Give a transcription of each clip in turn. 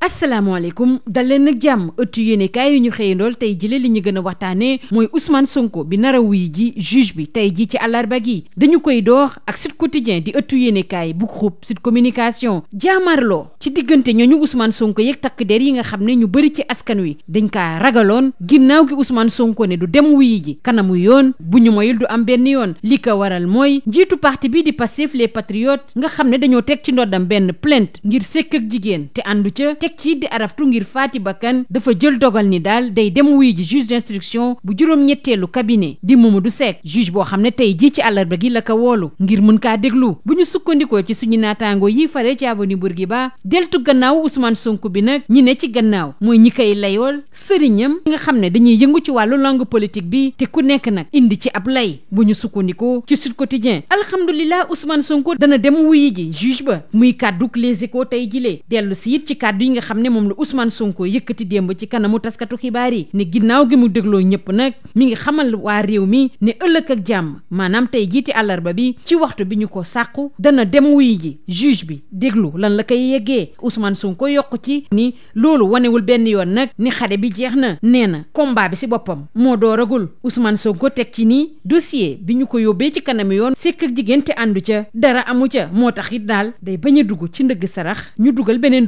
asalaamaaleykum dal leen nag jàmm ëttu yéenekaay yi ñu xëyandool tey jile li ñu gën a waxtaanee mooy Ousmane Sonko bi nar a wuy ji juge bi tey ji ci àllarba yi dañu koy doox ak Sud Quotidien di ëttu yéenekaay bu groupe Sud Communication jaamarloo ci diggante ñooñu Ousmane Sonko yeeg takk der yi nga xam ne ñu bëri ci askan wi dañ kaa ragaloon ginnaaw gi Ousmane Sonko ne du dem wuy ji kanamu yoon bu ñu moyul du am benn yoon li ko waral mooy njiitu parti bi di Pastef les nga xam ne dañoo teg ci ndoddam benn plainte ngir sekk ak jigéen te àndu teg ci di araftu ngir faati bakkan dafa jël dogal ni daal day dem wuy ji juge d'instruction bu juróom-ñetteelu cabinet di du Seck juge boo xam ne tey jii ci àllarba gi la ko woolu ngir mun kaa déglu bu ñu sukkandikoo ci suñu naataango yi fare ci avenue Bourguiba deltu gannaaw Ousmane Sonko bi nag ñi ne ci gannaaw mooy ñi koy layool sëriñam nga xam ne dañuy yëngu ci wàllu langue politique bi te ku nekk nag indi ci ab lay bu ñu sukkandikoo ci Sud Quotidien alhamdulilah Ousmane Sonko dana dem wuy ji juge ba muy kàdduk Les tey nga xam ne moom la Ousmane Sonko yëkkati démb ci kanamu taskatu xibaar yi ne ginnaaw gi mu dégloo ñëpp nag mi ngi xamal waa réew mi ne ëllëg ak jàmm maanaam tey jiiti àllarba bi ci waxtu bi ñu ko sàqu dana dem wuy ji juge bi déglu lan la koy yeggee Ousmane Sonko yokk ci ni loolu wanewul benn yoon nag ni xade bi jeex na nee na combat bi si boppam moo dooragul Ousmane Sonko teg ci nii dossier bi ñu ko yóbbee ci kanam yoon sekk ak jigéen te àndu ca dara amu ca moo tax it daal day bañ dugg ci ndëgg sarax ñu dugal beneen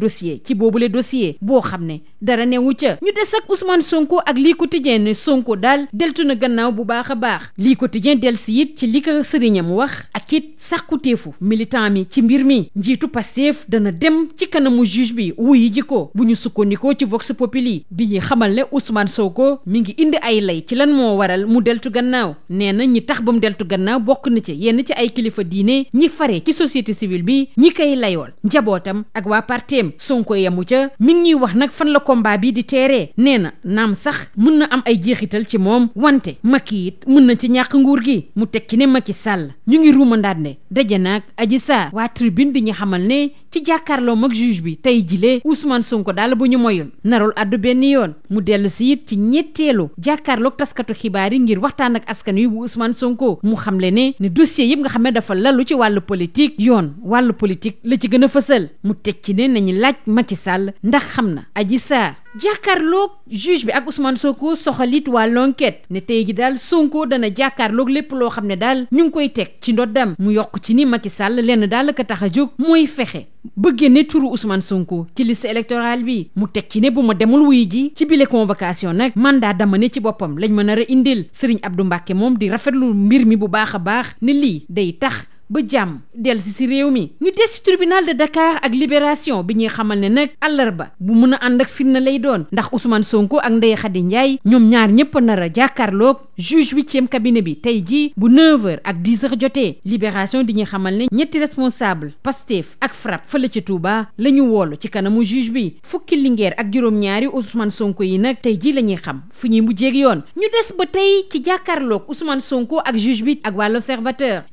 boobule dossier boo xam ne dara newu ca ñu des ak Ousmane Sonko ak lii quotidien ne Sonko daal deltu na gannaaw bu baax a baax lii quotidien del si it ci li ko sëriñam wax ak it sàkkuteefu militant mi ci mbir mi njiitu Pastef dana dem ci kanamu juge bi wuyi jiko bu ñu sukkandikoo ci Vox Populi bi ñuy xamal ne Ousmane Sonko mi ngi indi ay lay ci lan moo waral mu deltu gannaaw nee na ñi tax ba mu deltu gannaaw bokk na ci yenn ci ay kilifa diine ñi fare ci société civile bi ñi koy layool njabootam ak ca mi ngi ñuy wax nag fan la combat bii di teeree nee na naam sax mun na am ay jeexital ci moom wante Macky it mën na ci ñàkk nguur gi mu tekki ne Macky Sall ñu ngi ruumandaat ne daje nag aji saa waa tribune bi ñu xamal ne ci jàkkaarloo mag juge bi tey jilee Ousmane Sonko daal bu ñu moyul narul addu benn yoon mu dellu si it ci ñetteelu jàkkaarloog taskatu xibaar yi ngir waxtaan ak askan wi bu Ousmane Sonko mu xamle ne ne dossier yëpp nga xam ne dafa lalu ci wàllu politique yoon wàllu politique la ci gën a fësal mu teg ci ne nañu laaj Macky Sall Sall ndax xam na Adji saa jàkkaarloog juge bi ak Ousmane Sonko soxalit waa l'enquête ne tey ji daal sonkoo dana jàkkaarlook lépp loo xam ne daal ñu ngi koy teg ci ndoddam mu yokk ci ni Macky Sall lenn daal ka tax a jóg mooy fexe bëggee ne turu Ousmane sonkoo ci liste électorale bi mu teg ci ne bu ma demul wuy ji ci bile convocation nag man daa dama ne ci boppam lañ mën a indil ab Abdou Mbacke moom di rafetlu mbir mi bu baax a baax ne lii day tax ba jàmm dellusi si réew mi ñu des si tribunal de Dakar ak libération bi ñuy xamal ne nag ba bu mun a ànd ak na lay doon ndax Ousmane Sonko ak Ndeye Khady Ndiaye ñoom ñaar ñëpp nar a jàkkaarloog juge huitième cabinet bi tey jii bu 9h ak 10h jotee libération di ñuy xamal ne ñetti responsable Pastef ak FRAPP fële ci Touba la ñu woolu ci kanamu juge bi fukki lingeer ak juróom-ñaari Ousmane Sonko yi nag tey jii la ñuy xam fu ñuy mujjeeg yoon ñu des ba tey ci ak juge bi ak waa l'Observateur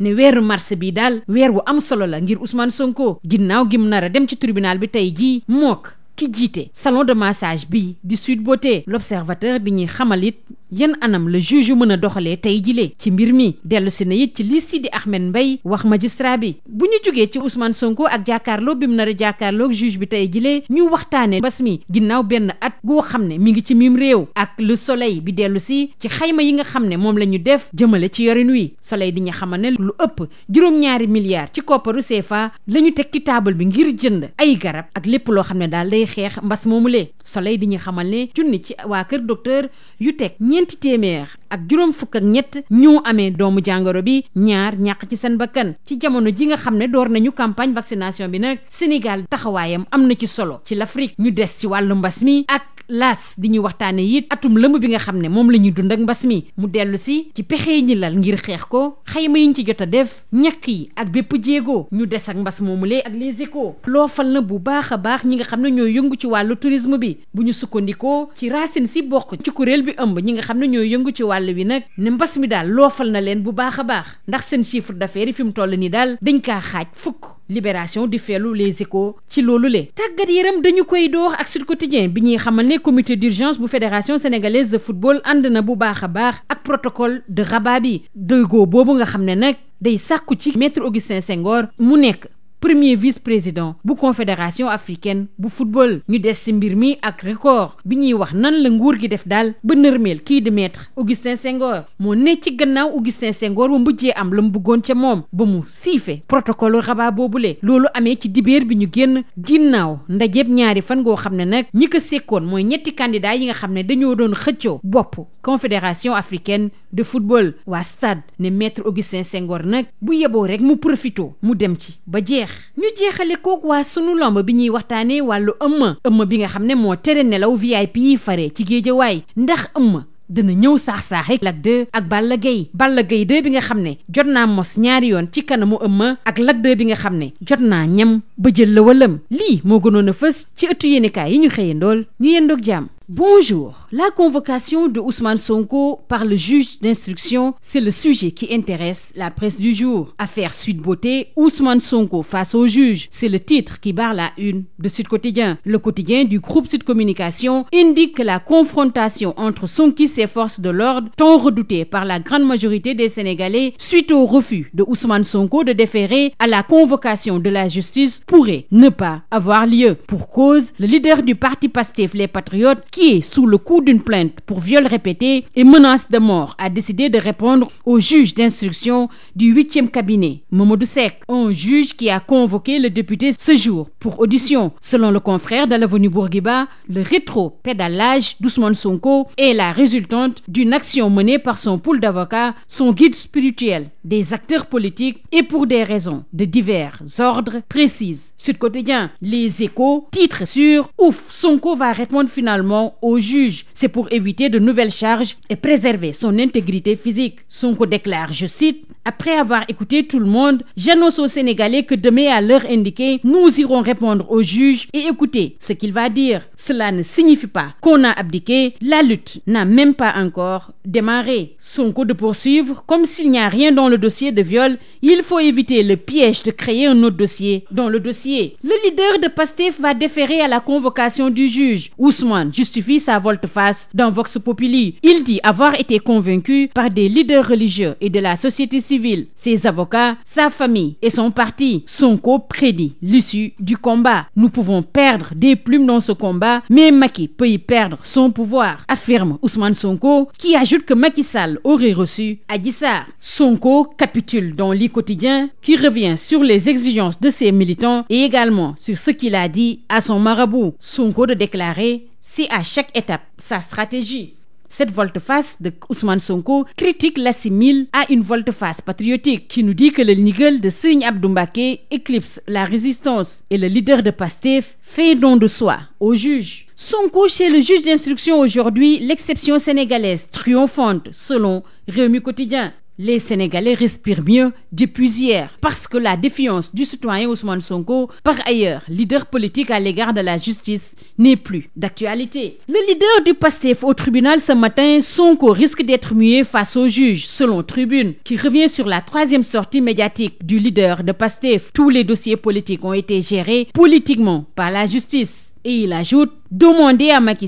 bi daal weer wu am solo la ngir Ousmane Sonko ginnaaw gim nar a dem ci tribunal bi tey jii mook ki jiite salon de massage bi di Sweet Beauté l'observateur di ñuy xamalit yenn anam la juge yu mën a doxalee tey jilee ci mbir mi dellu si na it ci li Sidi Ahmed Mbaye wax magistrat bi bu ñu jugee ci Ousmane Sonko ak jàkkaarloo bi mu nar a bi tey jilee ñu waxtaanee mbas mi ginnaaw benn at goo xam ne mi ngi ci miim réew ak le soleil bi dellu si ci xayma yi nga xam ne moom la ñu def jëmale ci yorin wi soleil di ñu xamal ne lu ëpp juróom-ñaari milliards ci kopparu CFA la ñu teg ci taabal bi ngir jënd ay garab ak lépp loo xam ne daal day xeex mbas moomulee soleil di ñu xamal ne junni ci waa kër docteur yu teg ñeenti téeméer ak juróom fukk ak ñett ñoo amee doomu jàngoro bi ñaar ñàq ci seen bakkan ci jamono ji nga xam ne door nañu campagne vaccination bi nag Sénégal taxawaayam am na ci solo ci l'Afrique ñu des ci wàllu mbas mi ak laas di ñuy waxtaane it atum lëmb bi nga xam ne moom la ñuy dund ak mbas mi mu dellu si ci pexe yi ñi lal ngir xeex ko xayma yi ñu ci jot a def ñàkk yi ak bépp jéegoo ñu des ak mbas moomu lee ak les échos loofal na bu baax a baax ñi nga xam ne ñooy yëngu ci wàllu tourisme bi bu ñu sukkandikoo ci racine si bokk ci kuréel bi ëmb ñi nga xam ne ñooy yëngu ci wàll wi nag ne mbas mi daal loofal na leen bu baax a baax ndax seen chiffre d'affaires yi fi mu toll nii daal dañ kaa xaaj fukk libération di feelu les échos ci loolu le tàggat yaram dañu koy doox ak Sud Quotidien bi ñuy xamal ne comité d'urgence bu fédération sénégalaise de football ànd na bu baax a baax ak protocole de Rabat bi déggoo boobu nga xam ne nag day sàkku ci maître Augustin Senghor mu nekk premier vice-président bu confédération africaine bu football ñu des ci mbir mi ak record bi ñuy wax nan la nguur gi def daal ba nërmeel kii di maître Augustin Senghor moo ne ci gannaaw Augustin Senghor ba mujjee am la mu bëggoon ca moom ba mu siife protocole boobu lee loolu amee ci dibeer bi ñu génn ginnaaw ndajeeb ñaari fan goo xam ne nag ñi ko sekkoon mooy ñetti candidat yi nga xam ne dañoo doon xëccoo bopp confédération africaine de football waa stade ne maître Augustin Senghor nag bu yeboo rek mu profito mu dem ci ba jeex neex ñu jeexale kook waa sunu lomb bi ñuy waxtaanee wàllu ëmm ëmma bi nga xam ne moo tere nelaw VIP yi fare ci géejawaay ndax ëmm dana ñëw saax-saaxe Lac ak Balla Gaye Balla Gaye bi nga xam ne jot naa mos ñaari yoon ci kanamu ëmma ak Lac bi nga xam ne jot naa ñam ba jël la walam lii moo gënoon a fës ci ëttu yéenekaay yi ñu xëyandool ñu yendoog jàmm bonjour la convocation de Ousmane Sonko par le juge d'instruction, c'est le sujet qui intéresse la presse du jour. Affaire Sud Beauté, Ousmane Sonko face au juge, c'est le titre qui barre la une de Sud Quotidien. Le quotidien du groupe Sud Communication indique que la confrontation entre Sonkis et de l'ordre, tant redoutée par la grande majorité des Sénégalais suite au refus de Ousmane Sonko de déférer à la convocation de la justice, pourrait ne pas avoir Pour cause, le parti Pastef Les Patriotes, qui est ou d'une plainte pour viol répété et menace de mort a décidé de répondre au juge d'instruction du huitième cabinet, Mamadou un juge qui a convoqué le député ce jour pour audition. Selon le confrère de l'avenue Bourguiba, le rétropédalage d'Ousmane Sonko est la résultante d'une action menée par son pool d'avocats, son guide spirituel, des acteurs politiques et pour des raisons de divers ordres précises. Sud Quotidien, Les Échos, titre sur Ouf, Sonko va répondre C'est pour éviter de nouvelles charges et préserver son intégrité physique. Sonko déclare, je cite, Après avoir écouté tout le monde, j'annonce aux Sénégalais que demain à l'heure indiquée, nous irons répondre au juge et écouter ce qu'il va dire. Cela ne signifie pas qu'on a abdiqué, la lutte n'a même pas encore démarré. Sonko de poursuivre, comme s'il n'y a rien dans le dossier de viol, il faut éviter le piège de créer un autre dossier dans le dossier. Le leader de Pastef va déférer à la convocation du juge. Ousmane justifie sa volte-face dans Vox la société civile, ses avocats, sa famille et son parti. Sonko prédit l'issue du combat. Nous pouvons perdre des plumes dans ce combat, mais Macky peut y perdre son pouvoir, affirme Ousmane Sonko, qui ajoute que Macky Sall aurait reçu Adji Sarr. Sonko capitule dans Le Quotidien, qui revient sur les exigences de ses militants et également sur ce qu'il a dit à son marabout. Sonko de déclarer c'est à chaque étape sa stratégie. Cette volte-face de Ousmane Sonko, critique l'assimile à une volte-face patriotique qui nous dit que le Nigel de Serigne Abdou Mbacké éclipse la résistance et le leader de Pastef fait don de soi au juge. Sonko chez le juge d'instruction aujourd'hui, l'exception sénégalaise triomphante selon Rewmi Quotidien. les Sénégalais respirent mieux depuis hier parce que la défiance du citoyen Ousmane Sonko, par ailleurs leader politique à l'égard de la justice, n'est plus d'actualité. Le leader du PASTEF au tribunal ce matin, Sonko risque d'être muet face au juge, selon Tribune, qui revient sur la troisième sortie médiatique du leader de PASTEF. Tous les dossiers politiques ont été gérés politiquement par la justice. Et il ajoute, demander à Macky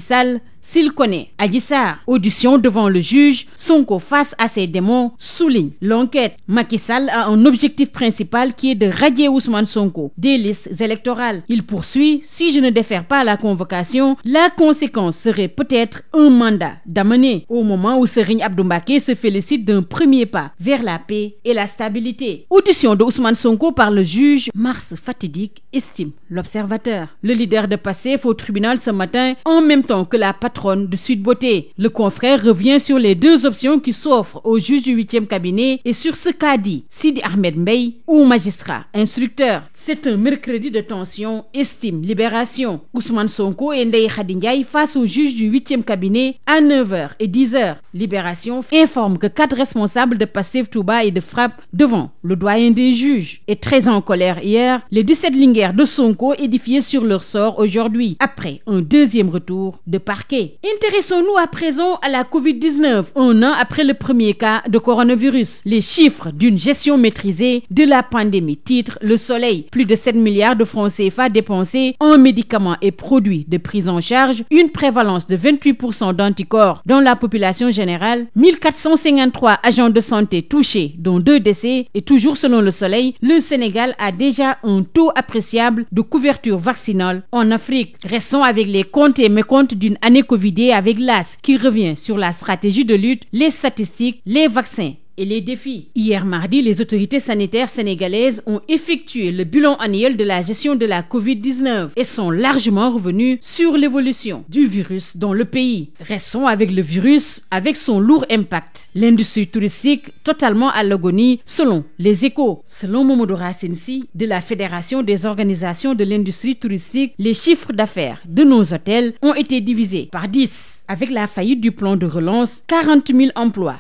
S'il connaît Adji Sarr, audition devant le juge, Sonko face à ses démons, souligne l'enquête. Macky Sall a un objectif principal qui est de radier Ousmane Sonko des listes électorales. Il poursuit, si je ne défère pas la convocation, la conséquence serait peut-être un mandat d'amener au moment où Serigne Abdou Mbacké se félicite d'un premier pas vers la paix et la stabilité. Audition de Ousmane Sonko par le juge, mars fatidique, estime l'observateur. Le leader de Pastef au tribunal ce matin, patronne de Sud Beauté. Le confrère revient sur les deux options qui s'offrent au juge du huitième cabinet et sur ce qu'a dit Sidi Ahmed Mbaye ou magistrat instructeur. C'est un mercredi de tension, estime Libération. Ousmane Sonko et Ndeye Khady Ndiaye face au juge du huitième cabinet à 9h et 10h. Libération informe que quatre responsables de Pastef Touba et de FRAPP devant le doyen des juges est très en colère hier. Les 17 linguères de Sonko édifiés de santé. Intéressons-nous à présent à la Covid-19, un an après le premier cas de coronavirus. Les chiffres d'une gestion maîtrisée de la pandémie titre Le Soleil. Plus de 7 milliards de francs CFA dépensés en médicaments et produits de prise en charge, une prévalence de d'anticorps dans la population générale, agents de santé touchés, dont deux décès, et toujours selon Le Soleil, le Sénégal a déjà un taux appréciable de couverture vaccinale en Afrique. Restons covidé avec l'AS qui revient sur la stratégie de lutte, les statistiques, les vaccins et les défis. Hier mardi, les autorités sanitaires sénégalaises ont effectué le bilan annuel de la gestion de la Covid-19 et sont largement revenues sur l'évolution du virus dans le pays. Restons avec le virus avec son lourd impact. L'industrie touristique totalement à l'agonie selon Les Échos. Selon Mamadou Racine Sy de la Fédération des organisations de l'industrie touristique, les chiffres d'affaires de nos hôtels ont été divisés par 10. Avec la faillite du plan de relance, 40 000 emplois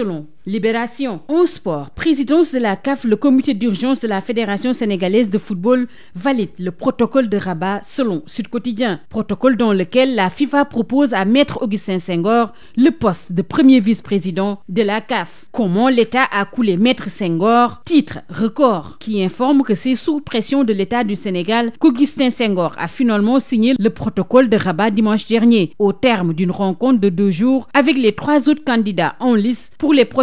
selon Libération. En sport, présidence de la CAF, le comité d'urgence de la Fédération sénégalaise de football valide le protocole de Rabat selon Sud Quotidien. Protocole dans lequel la FIFA propose à Maître Augustin Senghor le poste de premier vice-président de la CAF. Comment l'État a coulé Maître Senghor Titre record qui informe que c'est sous pression de l'État du Sénégal qu'Augustin Senghor a finalement signé le protocole de Rabat dimanche dernier au terme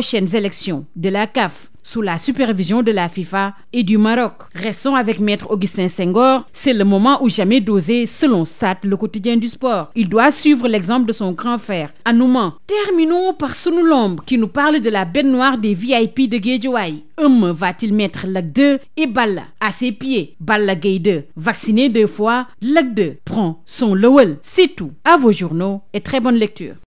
prochaines élections de la CAF sous la supervision de la FIFA et du Maroc. Restons avec Maître Augustin Senghor, c'est le moment ou jamais d'oser selon Stades, le quotidien du sport. Il doit suivre l'exemple de son grand frère, Anouman. Terminons par Sunu Lamb qui nous parle de la bête noire des VIP de Guédiawaye. Eumeu va-t-il mettre Lac 2 et Balla à ses pieds? Balla Gaye 2, vacciné deux fois, Lac 2 prend son lowel. C'est tout. À vos journaux et très bonne lecture.